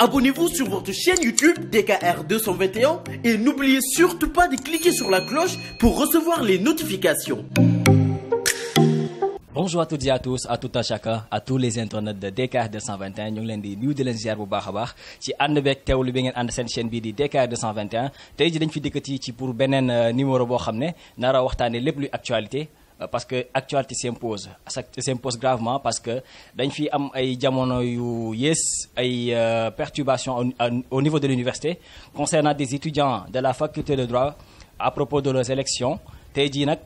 Abonnez-vous sur votre chaîne YouTube DKR 221 et n'oubliez surtout pas de cliquer sur la cloche pour recevoir les notifications. Bonjour à toutes et à tous à tout à chacun à tous les internautes de DKR 221 ñu ngi leen di leen ziar bu baax a baax ci ànd beeg teewlu bi ngeen ànd seen chaîne bii di DKR tey ji dañ fi dikkati ci pour beneen euh, numéro boo xam ne nara waxtaanee lépp luy actualité. Euh, parce que actualité s'impose s'impose gravement parce que dañ fi am ay jamono yu yées ay euh, perturbations au niveau de l'université concernant des étudiants de la faculté de droit à propos de leurs élections tey jii nag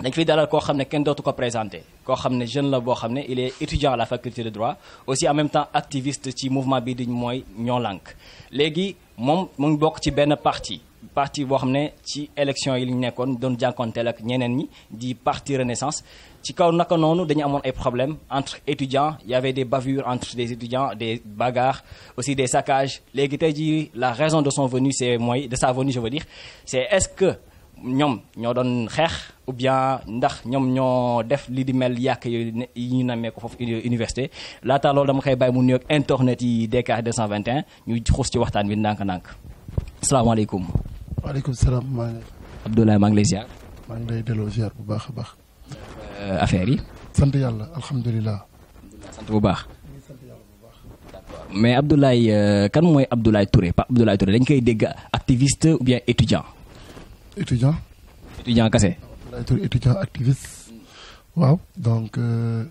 dañ fiy dalal koo xam ne kenn dootu ko présenté koo xam ne jeune la boo xam ne il est étudiant à la faculté de droit aussi en même temps activiste ci mouvement bi di mooy ñoo lànk léegi moom mu ngi bokk ci benn parti parti boo xam ne ci élection yi lañ nekkoon doon jànkonteel ak ñeneen ñi di parti Renaissance ci kaw naka noonu dañu amoon ay problèmes entre étudiants il y avait des bavures entre des étudiants des bagarres aussi des saccages léegi tey jii la raison de son venue c'est mooy de sa venue je veux dire c'est est-ce que ñoom ñoo doon xeex ou bien ndax ñoom ñoo def li di mel yàq yi ñu namee ko foofu université laata loolu dama koy bàyyi mu nuyoog internet yi DKR 221 ñu xuus ci waxtaan bi ndànk-ndànk salaamaaleykum waaleykum salaam maa ngi Abdoulaye maa ngi lay maa ngi lay delloo ziar bu baax a baax. Euh, affaire yi. sant yàlla alhamdulilah. bu baax. mais Abdoulaye euh, kan mooy Abdoulaye Touré Pape Abdoulaye Touré dañ koy dégg activiste ou bien étudiant. étudiant. étudiant kese. Abdoulaye Touré étudiant activiste. waaw donc euh,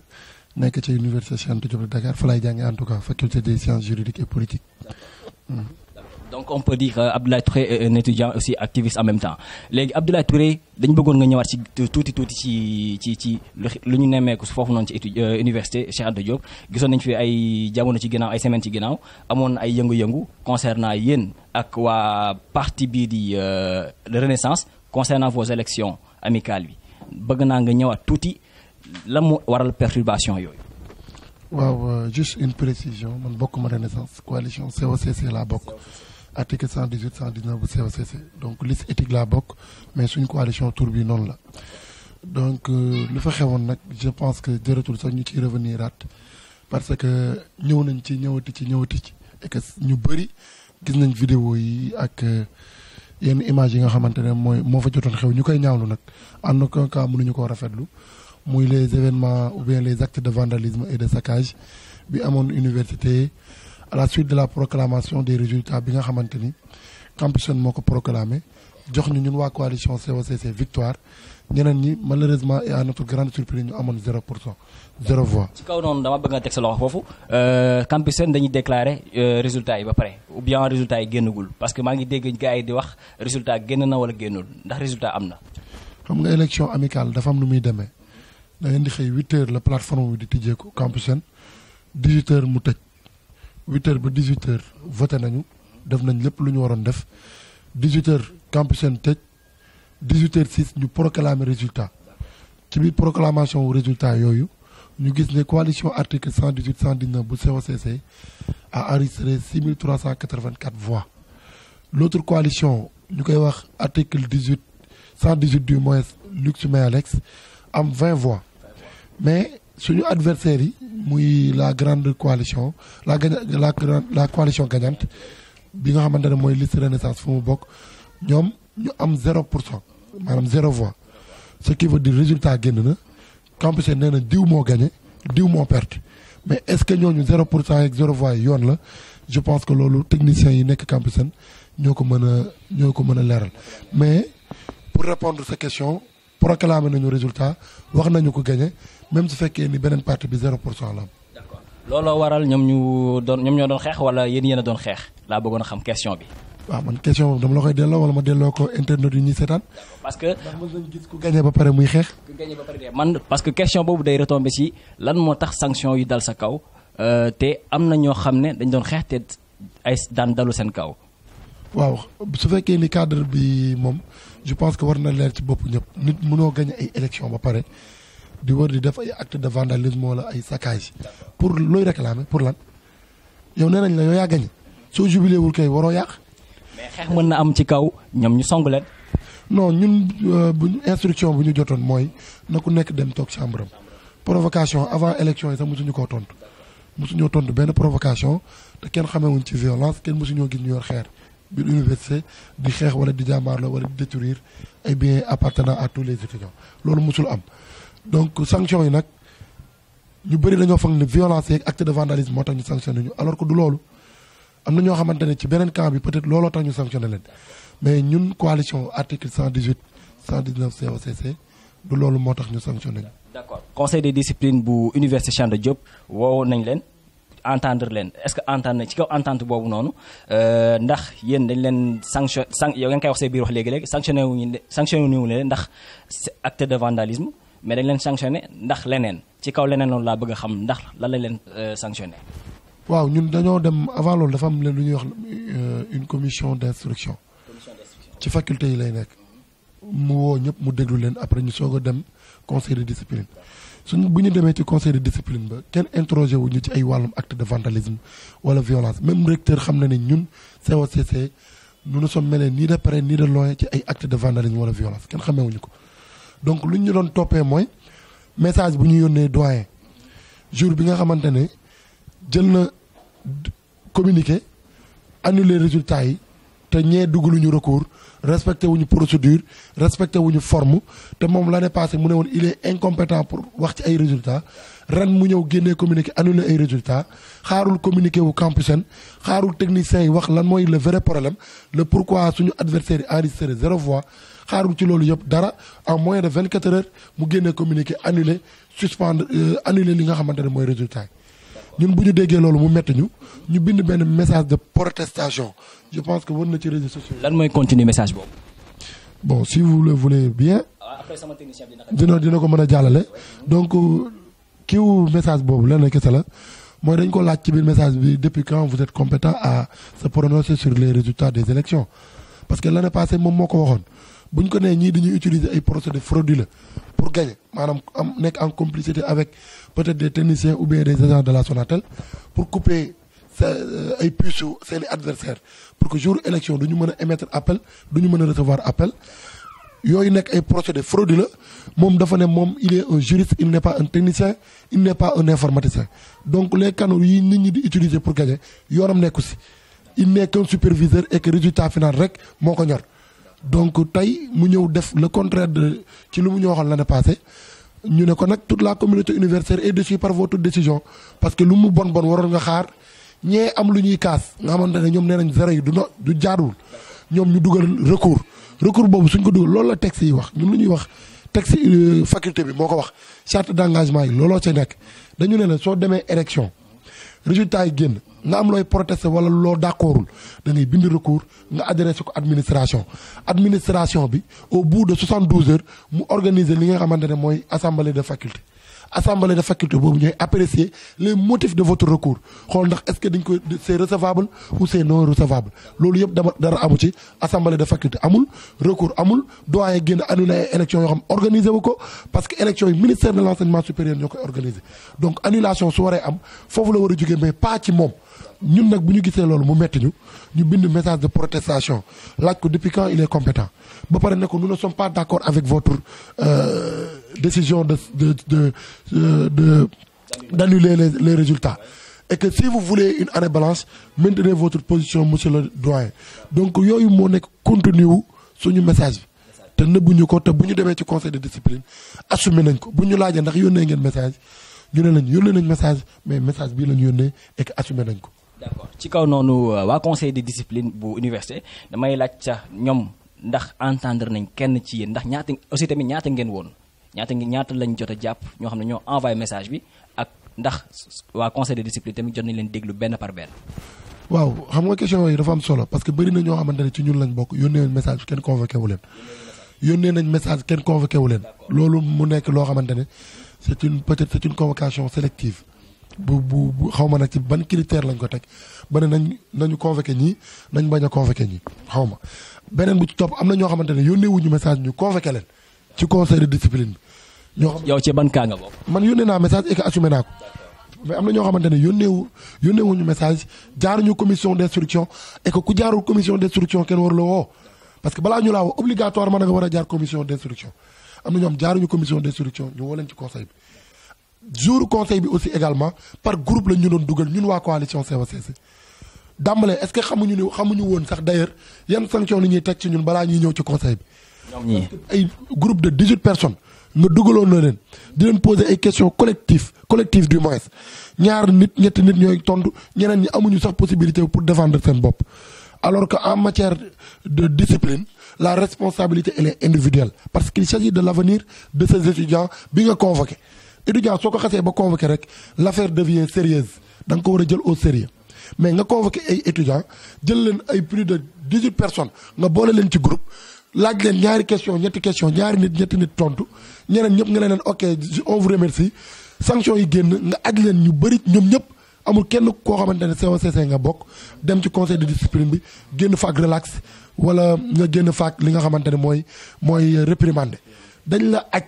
nekk ci université Cheikh Anta Diop de Dakar fa laay jàngee en tout cas faculté des sciences juridiques et politiques. Hmm. donc on peut dire que euh, Abdoulaye Touré est un étudiant aussi activiste en même temps léegi Abdoulaye Touré dañu bëggoon nga ñëwaat ci tuuti tuuti ci ci ci lu ñu nemmeeku foofu noonu ci euh, université Cheikh de Diop gisoon nañu fi ay jamono ci ginnaaw ay semaine ci ginnaaw amoon ay yëngu-yëngu concernant yéen ak waa parti bii di euh, Renaissance concernant vos élections amicales bi bëgg naa nga ñëwaat tuuti lan moo waral perturbation yooyu. waaw juste une précision man bokkuma Renaissance coalition COCC laa bokk. article 118 119 bu COCC donc liste éthique laa bokk mais suñ coalition tour bi noonu la donc euh, lu fa xewoon nag je pense que jërëtul sax ñu ciy revenir at parce que ñëw nañ ci ñëwati ci ñëwati ci et ñu bëri gis nañ vidéo yi ak euh, yenn image yi nga xamante ne mooy moo fa jotoon xew ñu koy ñaawlu nag en aucun cas mënuñu koo rafetlu muy les événements ou bien les actes de vandalisme et de saccage bi amoon université à la suite de la proclamation des résultat bi nga xamante ni Campusen moo ko proclamé jox ñu ñun waa coalition COCC victoire ñeneen ñi malheureusement et à notre grande surprise ñu amoon zéro pour cent zéro voix. ci kaw noonu dama bëgg nga teg sa loxo foofu euh, Campusen dañuy déclarer euh, résultat yi ba pare ou bien résultat yi génnagul parce que maa ngi dégg gars yi di wax résultat génn na wala génnul ndax résultat am na. xam nga élection amicale dafa am nu muy demee da ngeen di xëy 8 heures la plateforme bi di tijjeeku Campusen 18 heures mu tëj. huit heures ba dix huit heures voté nañu def nañ lépp lu ñu waroon def dix huit heures campuseen tëj dix huit heures six ñu proclamer résultat ci biir proclamation résultat yooyu ñu gis ne coalition article cent dix huit cent dix bu COCC a enregistré six mille trois cent quatre vingt quatre voix l'autre coalition ñu koy wax article dix huit cent dix huit du moins Luc Alex am vingt voix mais suñu adversaires yi muy la grande coalition la la la coalition gagnante bi nga xamante ne mooy liste renaissance fu mu bokk ñoom ñu am zéro pour cent maanaam zéro voix ce qui veut dire résultat génn na Campusen nee na diw moo gagné diw moo perte mais est-ce que ñoo ñu zéro pour cent ak zéro voix yi yoon la je pense que loolu technicien yi nekk Campusen ñoo ko mën a ñoo ko mën a leeral mais pour répondre sa question proclamé nañu résultat wax nañu ko gagné même su fekkee ni beneen parti bi zéro pour cent la looloo waral ñoom doon ñoom ñoo doon xeex wala yéen yéen a doon xeex laa bëggoon a xam question bi. waaw man question boobu dama la koy delloo wala ma delloo ko parce que ndax ba pare muy xeex. ku gagné ba man parce que question boobu day retombé si lan moo tax sanction yu dal sa kaw euh, te am na ñoo xam ne dañ doon xeex te ay daan dalu seen kaw. waaw su fekkee ni cadre bi moom. je pense que war na leer ci bopp ñëpp nit mënoo gagné ay élection ba pare di war di def ay acte de vandalisme wala ay saccage pour looy réclamer pour lan yow nee nañ la yow yaa gagné soo jubilé wul kay waroo yàq. mën na am ci kaw ñoom ñu song leen. non ñun euh, bu instruction bu ñu jotoon mooy na ku nekk dem toog chambre am provocation avant élection yi sax mosuñu koo tontu mosuñoo tontu benn provocation te kenn xamewuñ ci violence kenn mosuñoo gis ñu yo xeer. biir université di xeex wala di jàmbaarloo wala di détruire ay eh biens appartenant à tous les étudiants loolu musul am donc sanction yi nag ñu bëri dañoo foog ne violence yeeg acte de vandalisme moo tax ñu sanctionné ñu alors que du loolu am na ñoo xamante ne ci beneen camp bi peut-être looloo tax ñu sanctionné leen mais ñun coalition article 118 119 COCC du loolu moo tax ñu sanctionné ñu. d'accord conseil de discipline bu université Cheikh Anta Diop entendre leen est-ce que entendre ci kaw entente boobu noonu euh, ndax yéen dañu leen sanction san yow nga koy wax see biir wax léegi-léegi sanctionné wuñu sanctionné wuñu leen ndax acte de vandalisme mais dañ leen sanctionné ndax leneen ci kaw leneen loolu laa bëgg a xam ndax lan lañ leen euh, sanctionné waaw ñun dañoo dem avant loolu dafa am leen lu ñuy wax euh, une commission d'instruction ci faculté yi lay nekk mu woo ñëpp mu déglu leen après ñu soog dem conseil de discipline suñ bu ñu demee ci conseil de discipline ba kenn interrogé wu ñu ci ay wàllum acte de vandalisme wala violence même recteur xam na ne ñun COCC nous nous soo mêlés nii de près nii de loin ci ay acte de vandalisme wala violence kenn xamewuñu ko donc lu ñu doon toppee mooy message bu ñu yónnee doyen jour bi nga xamante ne jël na communiqué annuler résultats yi te ñee dugg lu ñu recours respecté wuñu procédure respecté wuñu forme te moom l'année passée mu ne woon il est incompétent pour wax ci ay résultats ren mu ñëw génnee communiqué annulé ay résultat xaarul communiqué wu Campusen xaarul technicien yi wax lan mooy le vrai problème le pourquoi suñu adversaire yi enregistré zéro voix xaarul ci loolu yëpp dara en moins de vingt 24 heures mu génnee communiqué annulé suspendre euh, annulé li nga xamante ne mooy résultat ñun bu ñu déggee loolu mu metti ñu ñu bind benn message de protestation je pense que war na ci réseaux sociaux. lan mooy continuer message boobu. bon si vous le voulez bien. Ah, dina dina ko mën a jàllale. donc euh, kiiwu message boobu lan na kese la mooy dañ ko laaj ci biir message bi depuis quand vous êtes compétent à se prononcer sur les résultats des élections parce que l'année passée moom moo ko waxoon. bu ñu ko nee ñii dañuy utiliser ay procédés frauduleux pour gagner maanaam am nekk en complicité avec peut-être des techniciens ou bien des agents de la Sonatel Euh, ay puces yu seen i adversaire pour que jour élection du ñu mën a émettre appel du ñu mën a recevoir appel yooyu nekk ay procédé la moom dafa ne moom il est un juriste il n'est pas un technicien il n'est un informaticien donc les canaux yi nit ñi di utiliser pour gagner yoonam nekku si il n'est superviseur et que résultat rek moo ko ñor donc tey mu ñëw def le contraire de ci lu mu ñu waxoon l'année passée ñu ne ko nag toute la communauté universitaire est déçue par votre décision parce que lu mu bon bon waroon nga xaar ñee am lu ñuy kaas nga xamante ne ñoom nee nañ zéro yi du no du jaaduwul ñoom ñu dugal recours recours boobu suñ ko dugal loolu la texte yi wax ñun lu ñuy wax texte euh, faculté bi moo ko wax charte d'engagement yi looloo ca nekk dañu ne la soo demee élection résultat yi génn nga am looy protester wala loo d'accordul da ngay bind recours nga adressé ko administration administration bi au bout de 72 heures mu organiser li nga xamante ne mooy assemblée de faculté assemblée de faculté boobu ñooy apprécier les motifs de votre recours xool ndax est-ce que dañ ko c'est recevable ou c'est non recevable loolu yëpp dama dara amu ci assemblée de faculté amul recours amul doyen génn annulé ay élection yoo xam organisé wu ko parce que élection yi ministère de l'enseignement supérieur ñoo koy organisé donc annulation su waree am foofu la war a jógee mais pas ci moom ñun nag bu ñu gisee loolu mu metti ñu ñu bind message de protestation laaj ko depuis quand ne ko nous ne sommes pas décision de de de de d'annuler les, les résultats que si vous voulez une année balance maintenez votre position monsieur le doyen donc yooyu moo nekk contenu wu suñu message bi te nëbbuñu ko te bu ñu demee ci conseil de discipline assumé nañ ko bu ñu laajee ndax yónnee ngeen message ñu ne lañ yónnee nañ message mais message bii la ñu yónnee et que nañ ko. ci kaw noonu euh, waa conseil de discipline bu université damay laaj sax ñoom ndax entendre nañ kenn ci yéen ndax ñaat aussi tamit ñaata ngeen woon. ñaata ngi ñaata lañ jot a jàpp ñoo xam ne ñoo envoyé message bi ak ndax waa conseil de discipline tamit jot nañ leen déglu benn par benn. waaw xam nga question yi dafa am solo parce que bëri na ñoo xamante ci ñun lañ bokk yónnee nañ message kenn convoqué wu leen. yónnee nañ message kenn convoqué wu leen. loolu mu nekk loo xamante ne c'est une peut-être c'est une convocation sélective. bu bu bu xaw nag ci ban critère lañ ko teg ba ne nañ nañu convoqué ñii nañ bañ a convoqué ñii xaw ma beneen bu ci topp am na ñoo xamante ne yónnee message ñu convoqué leen ci conseil discipline bi. ñoo xam yow ci ban kaa nga bokk. man yónnee naa message et que assumé naa ko. mais am na ñoo xamante ne yónnee wu yónnee wuñu message jaaruñu commission d' instruction et que ku jaarul commission d' instruction kenn waru la woo parce que balaa ñu laa woo obligatoirement da nga war a jaar commission d' instruction am na ñoom jaaruñu commission d' instruction ñu woo leen ci conseil bi. jour conseil bi aussi également par groupe la ñu doon dugal ñun waa coalition CVCC dàmbale xamuñu ne xamuñu woon sax d' ailleurs yan sanction la ñuy balaa ñuy ñëw ci conseil bi. ay groupe de 18 personnes. ma dugaloon na leen di leen poser ay questions collectives collectives du moins ñaar nit ñetti nit ñooy tontu ñeneen ñi amuñu sax possibilité pour défendre seen bopp. alors que en matière de discipline la responsabilité et est individuelle parce qu'il s'agit de l'avenir de ces étudiants bi nga convoqué étudiant soo ko xasee ba convoqué rek l'affaire devient sérieuse da nga ko war a jël au sérieux mais nga convoqué ay étudiants jël leen ay plus de dix-huit nga boole leen ci groupe laaj leen ñaari question ñetti question ñaari nit ñetti nit tontu ñeneen ñëpp nga leen ok on vous remercie sanction yi génn nga aj leen ñu bëri ñoom ñëpp amul kenn koo xamante ne COCC nga bokk dem ci conseil de discipline bi génn faak relax wala nga génn faak li nga xamante ne mooy mooy réprimandé dañ la aj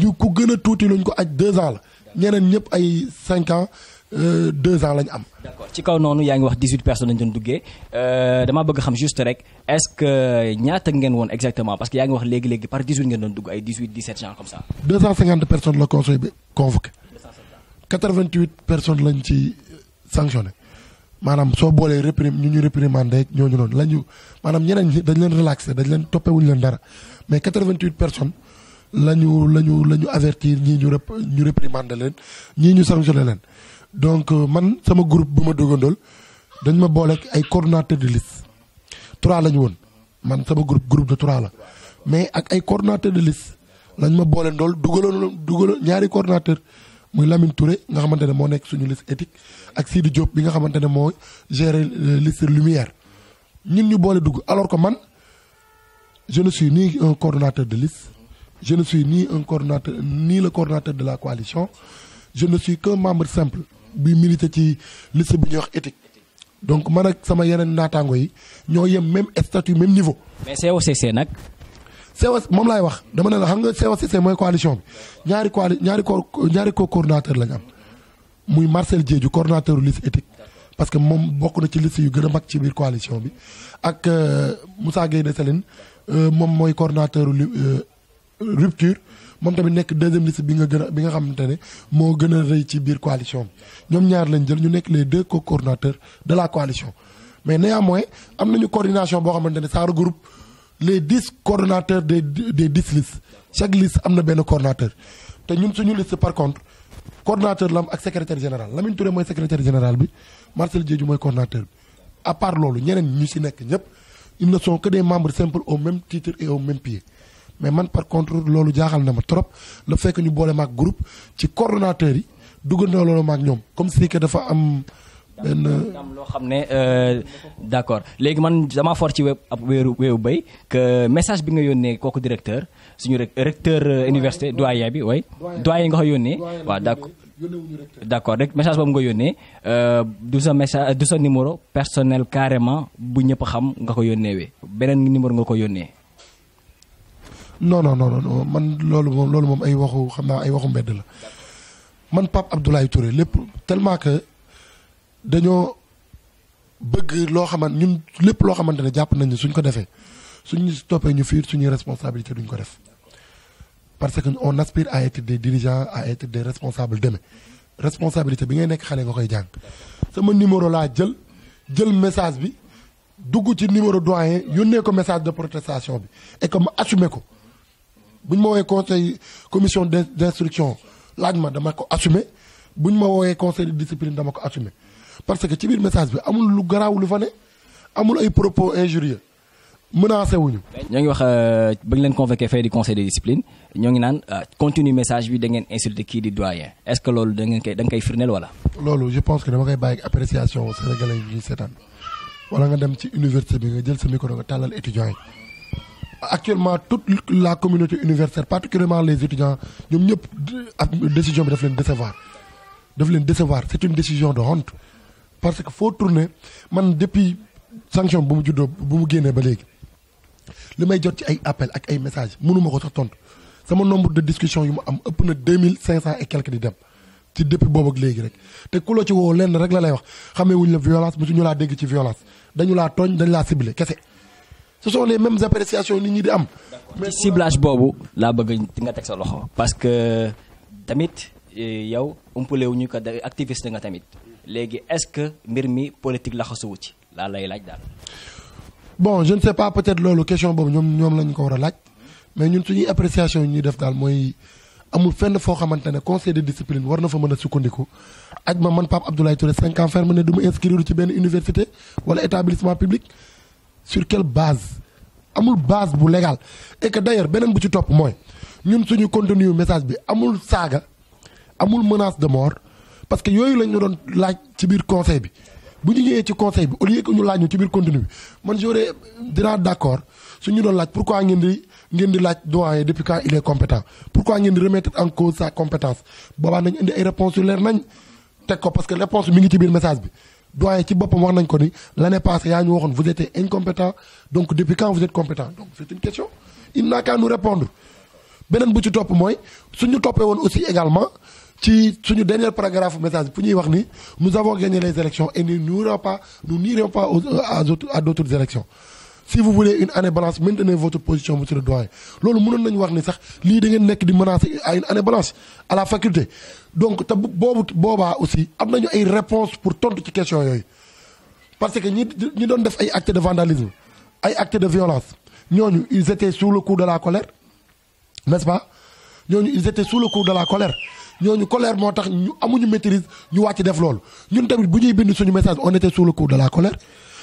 ñu ku gën a tuuti luñ ko aj deux ans la ñeneen ñëpp ay cinq ans Euh, deux ans lañ am. d'accord ci kaw noonu yaa ngi wax dix-huit personnes lañ doon duggee euh, damaa bëgg xam juste rek est ngeen woon exactement parce que wax léegi léegi par dix-huit ngeen doon dugg la conseil ci sanctionné maanaam soo boolee réprim ñu ñu réprimander ñooñu noonu la maanaam ñeneen ñi dañ leen relaxé dañ leen toppewuñu leen dara mais quatre vingt la ñu la ñu la ñu avertir ñii ñu rep ñu réprimander ñii ñu sanctionné leen. donc euh, man sama groupe bu ma duggandool dañ ma booleeg ay coordonnateur de liste trois la ñu woon man sama groupe groupe de trois la mais ak ay coordonnateur de liste lañ ma boole ndool dugaloon dugaloon ñaari coordonnateur muy lamin Touré nga xamante ne moo nekk suñu liste éthique ak di Diop bi nga xamante ne moo gérer euh, liste lumière ñun ñu boole dugg alors que man je ne suis un coordonnateur de liste je ne ni un coordonnateur nii le coordonnateur de la coalition je ne suis qu'un membre bi milité ci liste bi ñuy wax éthique donc man ak sama yeneen naataango yi ñoo yem même statut même niveau. mais COCC nag. COC moom laay wax dama ne la xam nga COCC mooy coalition bi ñaari coali ñaari co ñaari co coordonnateur lañ am muy Marcel Diédhiou coordonnateur liste éthique parce que moom bokk na ci liste yu gën a mag ci biir coalition bi ak euh, Moussa Gueye Dessalines euh, moom mooy coordonnateur euh, rupture. moom tamit nekk deuxième liste bi nga gën a bi nga xamante ne moo gën a rëy ci biir coalition bi ñoom ñaar lañ jël ñu nekk les deux co-coordinateurs de la coalition. mais néanmoins am nañu coordination boo xamante ne ça regroupe les dix coordonnateurs des des dix listes chaque liste am na benn cordinateur te ñun suñu liste par contre coordonnateur la am ak secrétaire général Lamine Touré mooy secrétaire général bi Marcel Diédhiou mooy coordonnateur bi. à part loolu ñeneen ñu ci nekk ñëpp ils ne sont au même titre même pied. mais man par contre loolu jaaxal na ma trop le fekk que ñu boole maag groupe ci coordonnateur yi duggandoo loolu maak ñoom comme si que dafa am. benn loo xam ne euh, d' accord léegi man damaa fort ci web ab wéeru wéeru béy que message bi nga yónnee kooku directeur suñu rek recteur euh, université doyen bi way doyen nga ko yónnee waa d' accord d' accord rek message boobu nga yónnee euh, du sa message du sa numéro personnel carrément bu ñëpp xam nga ko yónneewee beneen numéro nga ko yónnee. non non non man loolu moom loolu moom ay waxu xam naa ay waxu mbedd la man Pape Abdoulaye Touré lépp tellement que dañoo bëgg loo xamante ñun lépp loo xamante ne jàpp nañ suñ ko defee suñ toppee ñu fiir suñuy responsabilité duñ ko def parce que on aspire à être des dirigeants à être des responsables demain responsabilité bi ngay nekk xale nga koy jàng sama numéro laa jël jël message bi dugg ci numéro doyen yónnee ko message de protestation bi et que ma assumé ko. bu ñu ma woowee conseil commission d' instruction laaj ma dama ko assumer bu ñu ma woowee conseil de discipline dama ko parce que ci biir message bi amul lu garaw lu fa ne amul ay propos injurieux menacé wuñu. ñoo ngi wax euh, ba ñu leen convoqué fay di conseil de discipline ñoo ngi naan euh, continue message bi da ngeen insulté kii di doyen est ce que loolu da ngeen koy da nga koy firndeel wala. loolu je pense que dama koy bàyyi appréciation sénégalais yi ñuy seetaan wala nga dem ci université bi nga jël sa micro nga tàllal étudiant yi. actuellement toute la communauté universitaire particulièrement les étudiants ñoom ñëpp ak décision bi daf leen décevoir daf leen décevoir c'est une décision de honte parce que foo tourner man depuis sanction bu mu juddoo bu mu génnee ba léegi li may jot ci ay appel ak ay message mënuma ko sax tontu sama nombre de discussion yu mu am ëpp na deux mille cinq cent et quelques di dem ci depuis boobu ak léegi rek te ku ci woo lenn rek la lay wax xamee wuñ la violence mosu ñu laa dégg ci violence dañu laa tooñ dañu laa ciblé kese ce sont les mêmes appréciations nit ñu di am. mais ciblage boobu laa bëgg nga teg sa loxo. parce que tamit eh, yow umpale wu ñu ko activiste nga tamit léegi est-ce que mbir mi politique la xasuwu ci laa lay laaj daal. bon je ne sais pas peut-être loolu question boobu ñoom ñoom ko war a laaj mais ñun suñuy appréciation yu ñuy def daal mooy amul fenn foo xamante ne conseil de discipline war na fa mën a sukkandiku aj ma man Pape Abdoulaye Touré cinq ferme ne du ma ci benn université wala établissement public. sur quelle baas amul base bu légal et que d'ailleurs beneen bu ci topp mooy ñun suñu contenu message bi amul saaga amul menace de mort parce que yooyu lañ doon laaj ci biir conseil bi bu ñu ñëwee ci conseil bi au lieu ñu laaj ñu ci biir contenu bi man j'aurais dinaa d'accord suñu doon laaj pourquoi ngeen di ngeen di laaj doyen depuis quand il est compétent pourquoi ngeen di remettre en cause sa compétence boobaa nañ indi ay réponses yu leer nañ teg ko parce que réponse mi ngi ci biir message doye ci boppam wax nañ ko ni l'année passée yaa ñu waxoon vous étiez incompétent donc depuis quand vous êtes compétent donc c'est une question il n'a qu'à nous répondre beneen bu ci topp mooy suñu toppee woon aussi également ci suñu dernier paragraphe message fu ñuy wax ni nous avons gagné les élections et nous n'irons pas nous n'irons pas aux à d'autres élections si vous voulez une année blanche maintenez votre position monsieur le doyen loolu mënoon nañu wax ni sax lii da ngeen nekk di menacer à une année blanche à donc te boobu boobaa aussi am nañu ay réponse pour tontu ci question yooyu parce que ñi ñi doon def ay actes de vandalisme ay acte de violence ñooñu ils étaient sous le coup de la colère n'est-ce pas ñooñu ils étaient sous le coup de la colère ñooñu colère moo tax ñu amuñu maîtrise ñu wàcc def loolu ñun tamit bu ñuy bind suñu message on était sous le coup de la colère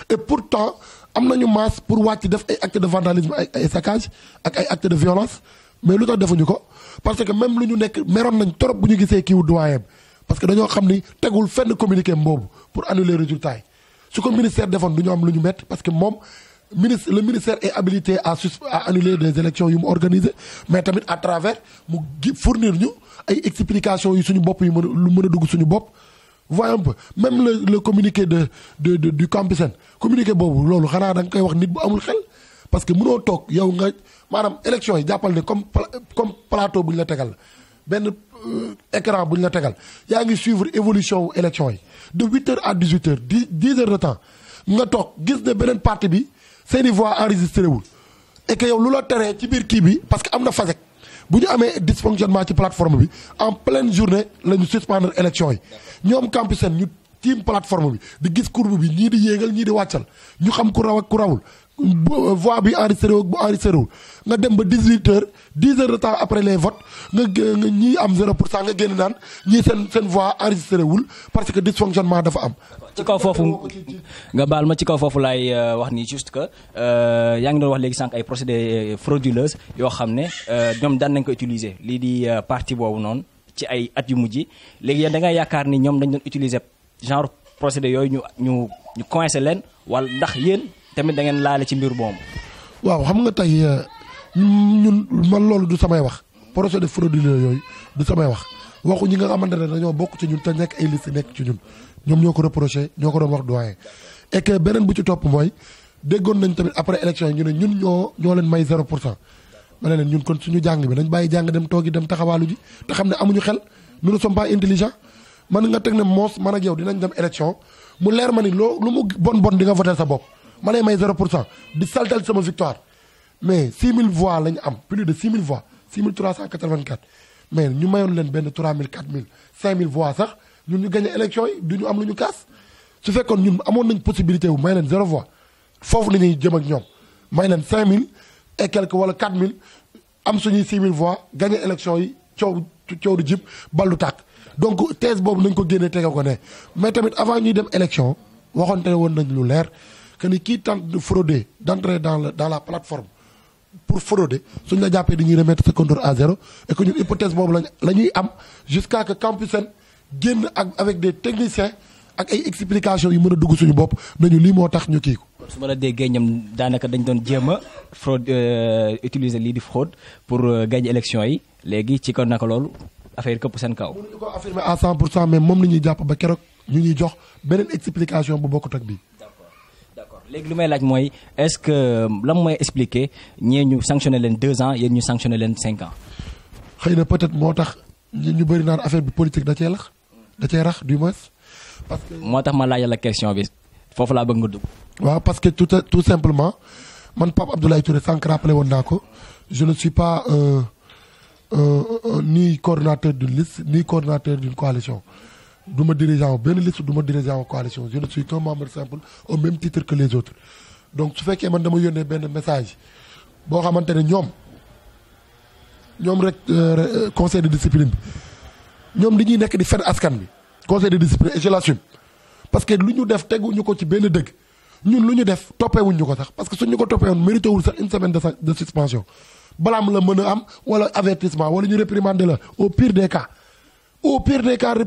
et pourtant am na ñu masse pour wàcc def ay actes de vandalisme ay ay saccage ak ay actes de violence mais lu tax defuñu ko parce que même lu ñu nekk meroon nañ trop bu ñu gisee kiiwu doyen parce que dañoo xam ni tegul fenn communiqué boobu pour annuler résultat yi su ko ministère defoon du ñu am lu que moom ministre le ministère est à sus à des élections yu mu organisé mais tamit à travers mu fournir ñu ay explications yu suñu bopp yu mën lu mën a dugg suñu bopp. voyez un peu même le le communiqué de de du Campusène boobu loolu xanaa danga koy wax nit bu amul xel. parce que mënoo toog yow nga maanaam élection yi jàppal ne comme comme plateau bu ñu la tegal benn euh, écran bu ñu la tegal yaa ngi suivre évolution wu élection yi de huit heures à dix huit heures di de temps nga toog gis ne beneen parti bi seen i voix enregistré wul et lu la teree ci biir kii bi parce que am na fasek bu ñu amee dysfonctionnement ci plateforme bi en pleine journée la ñu suspendre élection yi ñoom Campusen ñu tiim plateforme bi di gis courbe bi ñii di yéegal ñii di wàccal ñu xam ku raw ak ku voix bi enregistré nga dem ba dix huit heures dix heures de temps après les votes nga nga ñii am zéro pour cent nga génn naan ñii seen seen voix enregistré wul parce que dysfonctionnement dafa am. ci kaw foofu nga baal ma ci kaw foofu laay euh, wax ni juste que euh, yaa ngi doon wax léegi sànq ay procédés euh, frauduleuses yoo xam ne ñoom daan nañ ko utiliser lii di parti boobu noonu ci ay at yu mujj léegi yéen da nga yaakaar ni ñoom dañ doon utiliser genre procédé yooyu ñu ñu ñu coincé leen wala ndax yéen. tamit da ngeen laale ci mbir boomu waaw xam nga tey euh, ñun man loolu du samay wax procès de fraude yooyu du samay wax waxu ñi nga xamante ne dañoo bokk ci ñun te nekk ay liste nekk ci ñun ñoom ñoo ko reproché ñoo ko doon wax doyen. et que beneen bu ci topp mooy déggoon nañ tamit après élection yi ñu ne ñun ñoo ñoo leen may zéro pour cent ma ne leen ñun kon suñu jàng bi dañ bàyyi jàng dem toogi dem taxawaalu ji te xam ne amuñu xel nu ne sommes pas intelligents man nga teg ne moos man ak dinañ dem élection mu leer ma ni loo lu mu bon di nga voté sa bopp. ma lay may 0 pour cent di saltal sama victoire mais 6000 voix la lañu am plus de 6000 vent 6384 mais ñu mayoon leen benn 3000 4000 5000 voix sax ñun ñu gagné élection yi du ñu am lu ñu kaas su fekkoon ñun amoon nañ possibilité wu may leen 0 voix foofu la ñuy jëm ak ñoom may leen 5000 et quelque wala 4000 am suñuy 6000 voix gagné élection yi coow coow du jib ballu tàkk donc thèse boobu nañ ko génnee tege ko ne mais tamit avant ñuy dem élection waxoon te woon nañ lu leer. que ni kii tente de frauder d' entrer dans la dans plateforme pour frauder suñu la jàppee dañuy remettre sa compteur à zéro et que ñun boobu lañ la ñuy am jusqu'à que Campusen génn ak avec des techniciens ak ay explications yi mën a dugg suñu bopp nañu lii moo tax ñu kii ko. su ma la déggee ñoom daanaka dañ doon jéem a fraude euh, utiliser lii di fraude pour euh, gagner élection yi léegi ci kon naka loolu affaire këpp seen kaw. mënuñu à 100 pour cent mais moom la ñuy jàpp ba keroog ñu ñuy jox beneen explication bu bokkut ak bii. léegi lu may laaj mooy est-ce que lan mooy expliquer ñee ñu sanctionné leen deux ans yéen ñu sanctionné leen cinq ans. xëy na peut-être moo tax ñu bëri naan affaire bi politique da cee lax da cee rax du moins parce que. moo tax ma laajal la question bi foofu laa bëgg nga dugg. waaw parce que tout tout simplement man Pape Abdoulaye Touré sànq rappelé woon naa ko je ne suis pas euh, euh, euh, ni coordinateur d'une liste ni coordonnateur d'une coalition. du ma dirigeant benn liste du ma dirigeant coalition je ne suis qu'un membre simple au même titre que les autres donc su fekkee man dama yónnee benn message boo xamante ne ñoom ñoom rek euh, euh, conseil de discipline bi ñoom dañuy nekk di fen askan bi conseil de discipline et je parce que lu ñu def teguñu ko ci benn dëgg ñun lu ñu def toppeewuñ ñu ko sax parce que suñu ko toppee woon mérité wul sax une semaine de de suspension balaam la mën a am wala avertissement wala ñu réprimander la au pire des cas au pire des cas la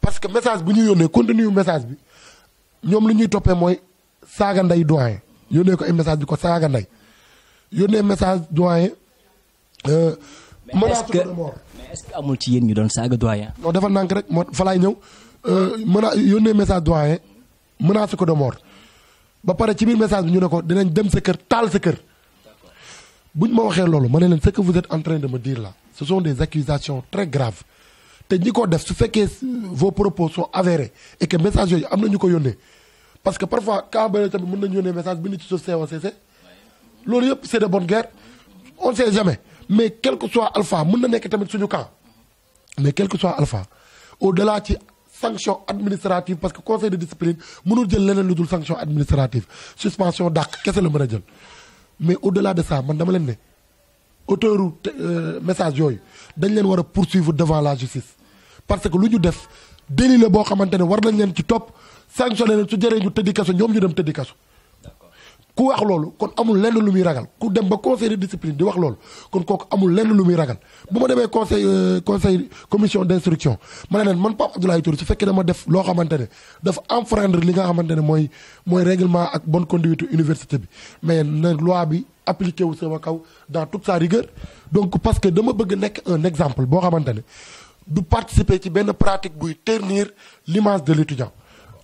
parce que message bu ñu yónnee contenu message bi ñoom lu ñuy toppee mooy saaga nday doyen yónnee ko ay message bi ko saaga nday yónnee message doyen. Euh, menace de mort mais est-ce que doyen. non dafa nànk rek moo fa laay ñëw euh, mena yónnee message doyen menace ko de mort ba pare ci biir message bi ñu ne ko dinañ dem sa kër taal sa kër. ñu ma waxee loolu ma ne leen ce que vous êtes en train de me dire là ce sont des accusations très graves. te ñi ko def su fekkee vos propos sont avérés et que message yooyu am na ñu ko yónnee parce que parfois cas bëri tamit mën nañu yónnee message bi ni ci suuf COCC loolu yëpp c' est de bonne guerre on sait jamais mais quel que soit alpha mën na nekk tamit suñu camp mais quel que soit alpha au delà ci sanction administrative parce que conseil de discipline mënul jël leneen lu dul sanction administrative suspension dàq kese la mën a jël mais au delà de ça man dama leen ne auteur euh, message yooyu dañ leen war a poursuivre devant la parce que lu ñu def délit la boo xamante ne war nañ leen ci topp sanctionné leen su jëree ñu tëddi kaso ñoom ñu dem tëddi kaso ku wax loolu kon amul lenn lu muy ragal ku dem ba conseil de discipline di wax loolu kon kooku amul lenn lu muy ragal bu ma demee conseil euh, conseil commission d'instruction ma ne leen man Pape Abdoulaye Touré su fekkee dama def loo xamante ne dafa enfreindre li nga xamante ne mooy mooy règlement ak bonne conduite université bi mais na loi bi appliqué wu sama kaw dans toute sa rigueur donc parce que dama bëgg nekk exemple boo xamante ne du participer ci benn pratique buy ternir l'image de l'étudiant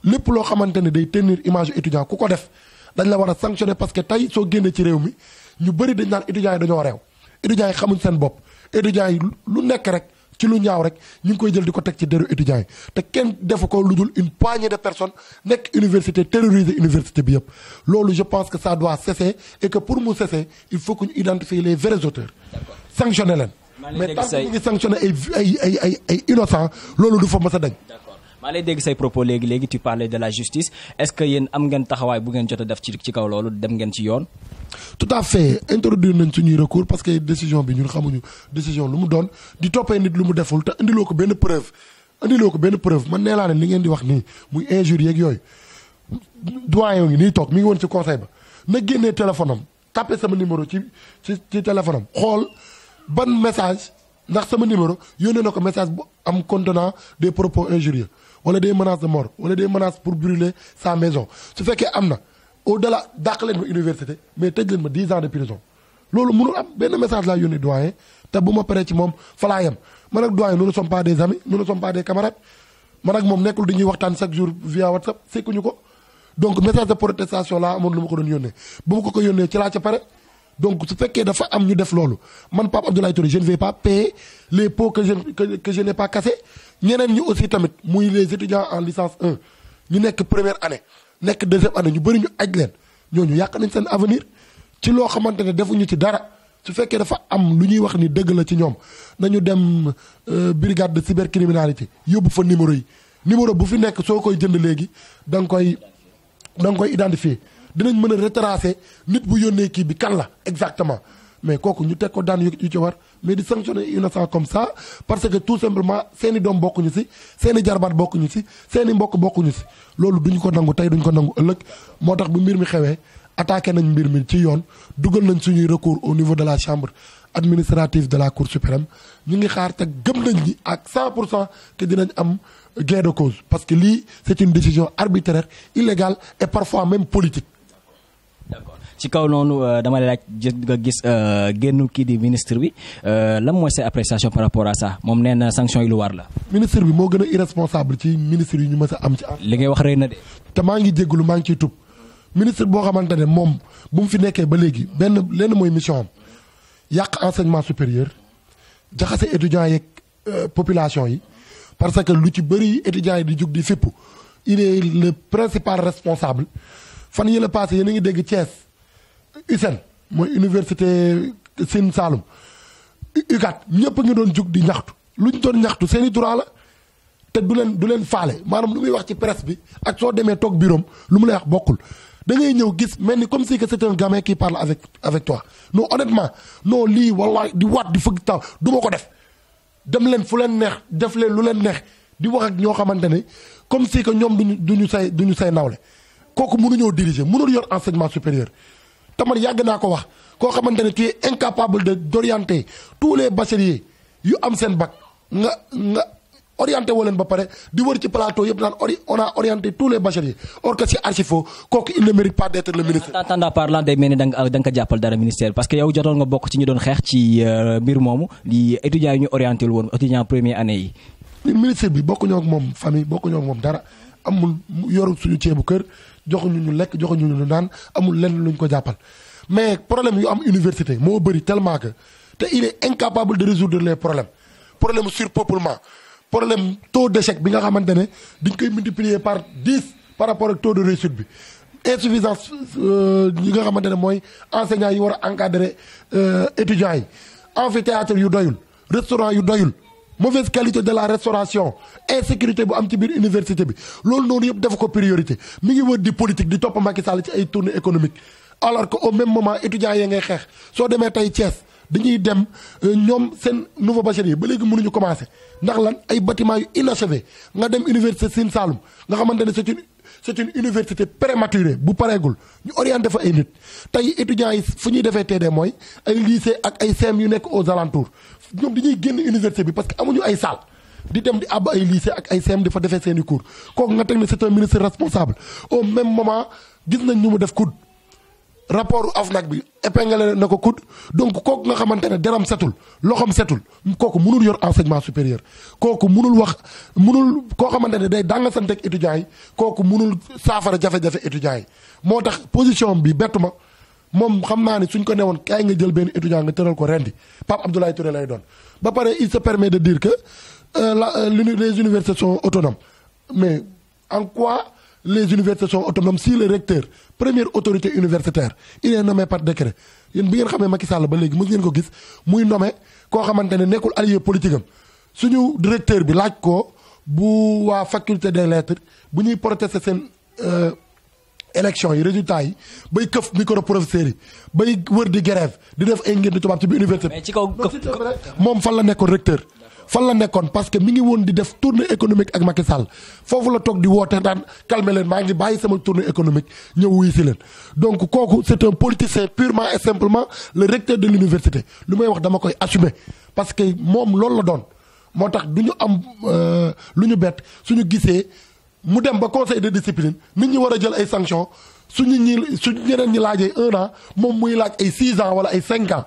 lépp loo xamante ne day ternir image étudiant ku ko def dañ la war a sanctionner parce que tey soo génnee ci réew mi ñu bëri dañ daan étudiants yi dañoo réew étudiants yi xamuñ seen bopp étudiants yi lu nekk rek ci lu ñaaw rek ñu ngi koy jël di ko teg ci deru étudiants yi te kenn defu ko lu dul une poignée de personnes nekk université terroriser université bi yëpp loolu je pense que ça doit cesser et pour mu cesser faut que ñu identifier les vrais auteurs leen mais tant que ñu ngi sanctionné ay ay ay ay ay innocent loolu du fa mës a est-ce que yéen am ngeen taxawaay bu ngeen jot a def ci ci kaw loolu dem ngeen ci yoon. tout à fait introduire nañ suñuy recours parce que décision bi ñun xamuñu décision lu mu doon di toppee nit lu mu deful te indiloo ko benn preuve indiloo ko benn preuve man nee naa ne li ngeen di wax nii muy injure yeeg yooyu doyen ngi nii toog mi ngi woon ci conseil ba na génnee téléphone am tapé sama numéro ci ci ci téléphone ban message ndax sama numéro yónnee na ko message bu am contenant des propos injurieux wala des menaces de mort wala des menaces pour brûler sa maison su fekkee am na au delà dàq leen ma université mais tëj leen ma 10 ans de prison loolu mënul am benn message laa yónnee doyen te bu ma paree ci moom fa laa yem man ak doyen nous ne sommes pas des amis nous ne sommes pas des camarades man ak moom nekkul dañuy waxtaan chaque jour via whatsapp sekkuñu ko donc message de protestation laa amoon lu ma ko doon yónnee bu ko ko yónnee ci laa ca pare. donc su fekkee dafa am ñu def loolu man Pape Abdoulaye Touré je ne vais pas payer les pots que je que, que je pas cassés ñeneen ñi aussi tamit muy les étudiants en licence 1 ñu nekk première année nekk deuxième année ñu bëri ñu aj leen ñooñu yàq nañ seen avenir ci loo xamante ne defuñu ci dara su fekkee dafa am lu ñuy wax ni dëgg la ci ñoom nañu dem euh, birgarde de cybercriminalité yóbbu fa numéro yi numéro bu fi nekk soo koy jënd léegi da koy da nga koy identifier dinañ mën a retracer nit bu yónnee kii bi kan la exactement mais kooku ñu teg ko daan yu ci war mais di sanctionner innocent comme ça parce que tout simplement seen i doom bokkuñu si seeni i jarbaat bokkuñu si seeni mbokk bokkuñu si loolu duñ ko nangu tey duñ ko nangu ëllëg moo tax bu mbir mi xewee attaqué nañ mbir mi ci yoon dugal nañ suñuy recours au niveau de la chambre administrative de la cour suprême ñu ngi xaar teg gëm nañ ñi ak 100 pour cent que dinañ am gain de parce que lii c'est une décision arbitraire illégale et parfois même politique d'accord ci kaw noonu euh, dama lay laaj nga gis euh, génn kii di ministre bi euh, lan mooy sa appréciation par rapport à ça moom nee na sanction yi lu war la. ministre bi moo gën a irresponsable ci ministre yi ñu mës a am ci. li ngay wax rëy na de. te maa ngi jégalu maa ngi ciy tub ministre boo xamante ne moom bu mu fi nekkee ba léegi benn lenn mooy mission am yàq enseignement supérieur jaxase étudiants yeeg population yi parce que lu ci bëri étudiants yi di jug di fépp il est le responsable. fan yële paase yéen a ngi dégg cees USEN mooy université Sine Saalum UCAD ñëpp a ngi doon jug di ñaxtu lu ñu doon ñaxtu seen i droit la te du leen du leen faale maanaam lu muy wax ci presse bi ak soo demee toog biiroom lu mu lay wax bokkul dangay ñëw gis mel ni comme si que c'est un kii qui parle avec avec toi non honnêtement non lii wallaay di waat di fëgg taw du ma ko def dem leen fu leen neex def leen lu leen neex di wax ak ñoo xamante ne comme si que ñoom duñu duñu say duñu say nawle kooku mënuñoo diriger mënul yor enseignement supérieur te yàgg naa ko wax koo xamante ne tu es incapable de d'orienter tous les bacheliers yu am seen bag nga nga orienté woo leen ba pare di wër ci plateau yëpp naan ori on a les bacheliers or que c'est archi faux kooku il ne mérite pas d'être le ministre. tanda parlant day mel ni da nga da dara ministère parce que yow jotoon nga bokk ci ñu doon xeex ci euh, mbir moomu li étudiants yi ñu orienté woon étudiants première année yi. ministre bi bokkuñoo ak moom famille bokkuñoo ak moom dara amul yor kër. joxuñu ñu lekk joxuñu ñu ñu naan amul lenn luñ ko jàppal mais problème yu am université moo bëri tellement que te il est incapable de résoudre les problèmes problème surpeuplement problème taux d'échec bi nga xamante ne dañ koy multiplier par dix par rapport ak taux de réussite bi insuffisance ñi euh, nga xamante ne mooy enseignants yi war a encadrer euh, étudiants yi amphithéâtre yu doyul restaurant yu doyul mauvaise qualité de la restauration insécurité bu am ci biir université bi loolu noonu yëpp def ko priorité mi ngi wër di politique di topp Macky Sall ci ay tournée économique alors que au même moment étudiants yee ngay xeex soo demee tey Thiès dañuy dem euh, ñoom seen nouveau bachelier yi ba léegi mënuñu commencé ndax lan ay batiment yu inachevé nga dem université Sine Saloum nga xamante ne c'est une c'est une université prématurée bu pareegul ñu orienté fa ay nit tey étudiants yi fu ñuy defee TD mooy ay lycée ak ay CEM yu nekk aux alentours ñoom dañuy génn université bi parce que amuñu ay salle di dem di àbb ay lycée ak ay CEM di fa defee seeni i cours kooku nga teg ne c'est un ministre responsable au même moment gis nañ ñu mu def COUD rapport nag bi épinglé na ko COUD donc kooku nga xamante ne deram setul loxom setul kooku mënul yor enseignement supérieur kooku mënul wax mënul koo xamante ne day danga santeeg étudiants yi kooku mënul saafara jafe-jafe étudiants yi moo tax position bi bettu ma moom xam naa ne suñ ko newoon kaay nga jël benn étudiant nga tëral ko rendi Pape Abdoulaye Touré lay doon ba pare il se permet de dire que euh, euh, les universités sont autonomes mais en quoi les universités sont autonomes si recteur première autorité universitaire il est nommé par décret yéen bi ngeen xamee Macky Sall ba léegi mos ngeen ko gis muy nommé koo xamante ne nekkul allié politique am suñu directeur bi laaj ko bu waa faculté des lettres bu ñuy protester seen. Euh, élection yi résultat yi bay këf micro professeurs yi bay wër di grève di def ay ngeen di tubaab ci biir université moom fan la nekkoon recteur fan la nekkoon parce que mi ngi woon di def tournée économique ak Macky Sall foofu la toog di woote daan calmer leen maa ngi bàyyi sama tournée économique ñëw wuyu si leen donc kooku c' est un politicien purement et simplement le recteur de l' lu may wax dama koy assumer parce que moom loolu la doon moo tax du ñu am euh, lu ñu bett suñu gisee mu dem ba conseil de discipline nit ñi war a jël ay sanctions su ñu ñi su ñeneen ñi laajee un an moom muy laaj ay six ans wala ay cinq ans.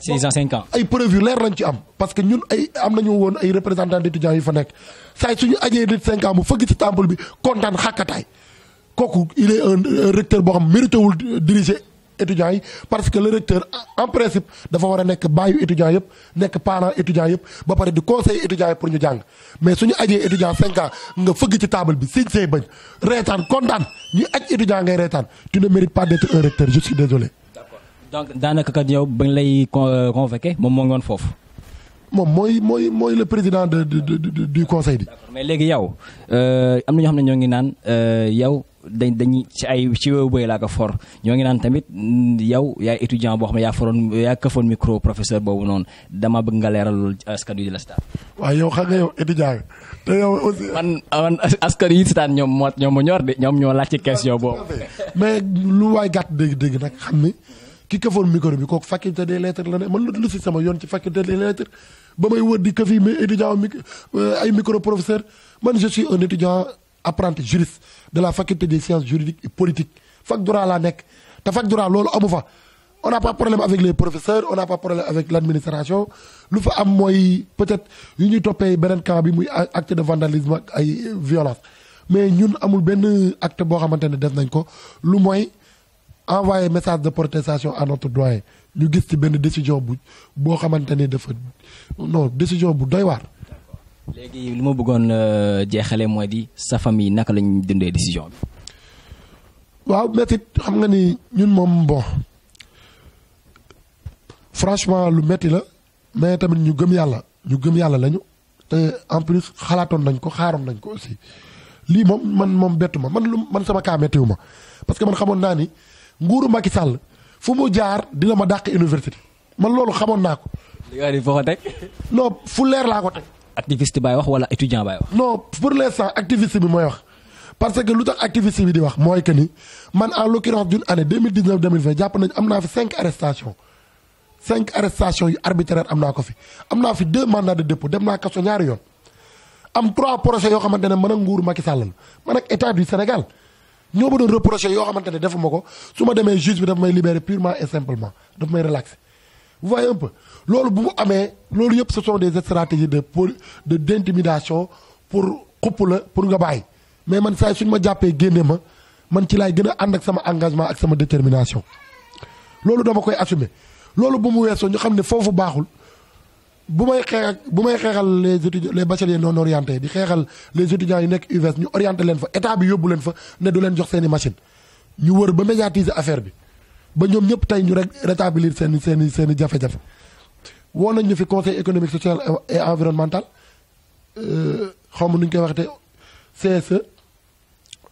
six ans cinq ans. ay preuve yu leer lañ ci am parce que ñun ay am nañu woon ay représentants d'étudiants yu fa nekk saay suñu ajee nit cinq ans mu fëgg ci temple bi kontaan xàkkataay kooku il est un recteur boo xam mérité wul diriger. étudiants yi parce que le recteur en principe dafa war a nekk baayu étudiants yëpp nekk parent étudiants yëpp ba pare di conseil étudiants yi pour ñu jàng mais suñu ajee étudiant cinq ans nga fëgg ci taabal bi siñ say bañ reetaan kontaan ñu aj étudiant ngay reetaan tu ne mérites pas d'être un recteur je suis désolé donc daanaka kat yow bañ lay euh, convoqué moom moo ngi woon foofu moom mooy mooy mooy le président de du conseil bi mais léegi yow euh, am na ñoo xam ne ñoo ngi naan euh, yow dañ dañuy ci ay ci wéewu bëy laa ko for ñoo ngi naan tamit mm, yow yaay étudiant boo xam ne yaa foroon yaa këfoon micro professeur boobu noonu dama bëgg nga leeral loolu askan wi di la sitaan. waaw yow xam nga yow étudiant te yow aussi. man man askan yi sitaan ñoom moo ñoom mu ñor de ñoom ñoo laaj ci question boobu. mais lu waay gàtt dégg-dégg nag xam ni ki këfoon micro bi kooku faculté des lettres la ne man lu si sama yoon ci faculté des lettres ba may wër di këf yi mais euh, ay micro professeur apprenti juriste de la faculté des sciences juridiques et politiques fac droit laa nekk te fac droit loolu amu fa on pas problème avec les professeurs on n'a pas problème avec l'administration lu fa am mooy peut-être yu ñuy toppee beneen cas bi muy acte de vandalisme ak ay violence mais ñun amul benn acte boo xamante ne def nañ ko lu mooy envoyé message de protestation en notre doyen ñu gis ci benn décision bu boo xamante ne dafa non décision bu doy léegi li ma bëggoon euh, jeexale mooy di sa famille naka lañ dundee décision bi. waaw métti xam nga ni ñun moom bon franchement lu metti la mais tamit ñu gëm yàlla ñu gëm yàlla lañu te en plus xalaatoon nañ ko xaaroon nañ ko aussi lii moom man moom bettu ma man lu man sama kaa méttiwu ma parce que man xamoon naa ni nguuru Macky sàll fu mu jaar dina ma dàq université man loolu xamoon naa ko. li nga wax nii fu leer laa ko teg. activiste baay wax wala étudiant baay wax. non pour l'instant activiste bi mooy wax parce que lu tax activiste bi di wax mooy que ni man en l'occurrence d'une année 2019 2020 jàpp nañu am naa fi cinq arrestations cinq arrestations yu arbitraire am naa ko fi am naa fi deux mandats de dépôt dem naa kaso ñaari yoon am trois procès yoo xamante ne man ak nguuru ma Sall la man ak état du Sénégal ñoo ma doon reproché yoo xamante ne defuma ko su ma demee juge bi daf may libérer purement et simplement daf may relaxer vous loolu bu mu amee loolu yëpp ce sont des stratégies de pour de d' pour xupp la pour nga bàyyi mais man saay suñ ma jàppee génnee ma man ci laay gën a ànd ak sama engagement ak sama détermination loolu dama koy assumer loolu bu mu weesoo ñu xam ne foofu baaxul bu may xeex bu may xeexal les étudiants les bacheliers non orientés di xeexal les étudiants yi nekk UVS ñu orienté leen fa état bi yóbbu leen fa ne du leen jox seen i machine ñu wër ba médiatiser affaire bi ba ñoom ñëpp tey ñu rek rétablir seen i seen i woo nañ ñu fi conseil économique social et environnemental euh, xaw ma nu ñu koy waxte CSE sa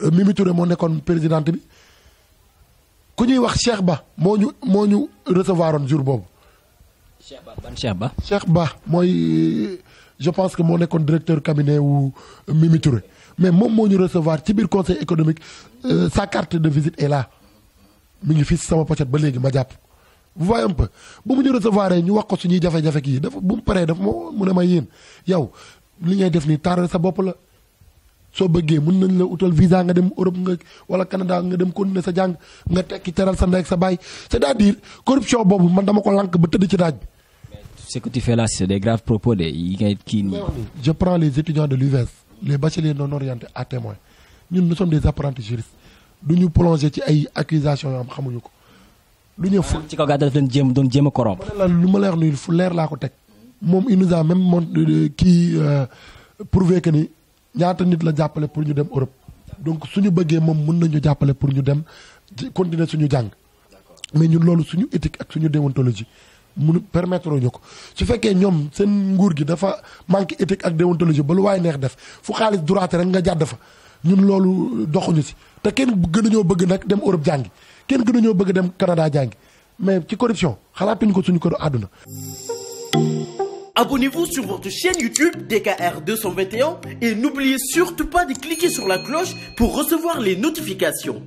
euh, Touré moo nekkoon présidente bi ku ñuy wax Cheikh Ba moo ñu moo ñu recevoir on jour boobu. Cheikh Ba ban Cheikh Ba. Cheikh Ba mooy je pense que moo nekkoon directeur cabinet wu mais moom moo ñu recevoir ci biir conseil économique euh, sa carte de visite est là mu ngi fii sama pochette ba léegi ma jàpp. vous voyez un bu mu ñu recevoir ñu wax ko suñuy jafe-jafe kii dafa bu mu paree dafa ma woon mu ne ma yéen yow li ngay def nii taaral sa bopp la soo bëggee mun nañ la utal visa nga dem Europe nga wala Canada nga dem continuer sa jàng nga tekki teral sa ndey ak sa baay c'est-à-dire corruption boobu man dama ko lank ba tëdd ci daaj bi. ce que tu fais là des graves propos de yi ngay kii nii. je prends les étudiants de l'UVS les bacheliers non orientés à témoin ñun nous sommes des apprentis juristes du ñu plongé ci ay accusations yoo xamuñu ko. du ñëw fu ci kaw gaa daf leen doon jéem a corrompre. ma ma la wax nii fu leer laa ko teg moom il nous même mon euh, euh, kii euh, prouvé que ni ñaata nit la jàppale pour ñu dem Europe donc suñu bëggee moom mën nañu jàppale pour ñu dem continuer suñu jàng mais ñun loolu suñu éthique ak suñu déontologie mun permettre ñu ko su fekkee ñoom seen nguur gi dafa manque éthique ak déontologie ba lu waaye neex def fu xaalis duraate rek nga jàdd fa ñun loolu doxuñu si te kenn gën a ñoo bëgg nag dem Europe jàngi. kenn gën a bëgg dem Canada jàngi mais ci corruption xalaatuñ ko suñu këru àdduna. Abonnez-vous sur votre chaîne YouTube DKR 221 et n'oubliez surtout pas de cliquer sur la cloche pour recevoir les notifications.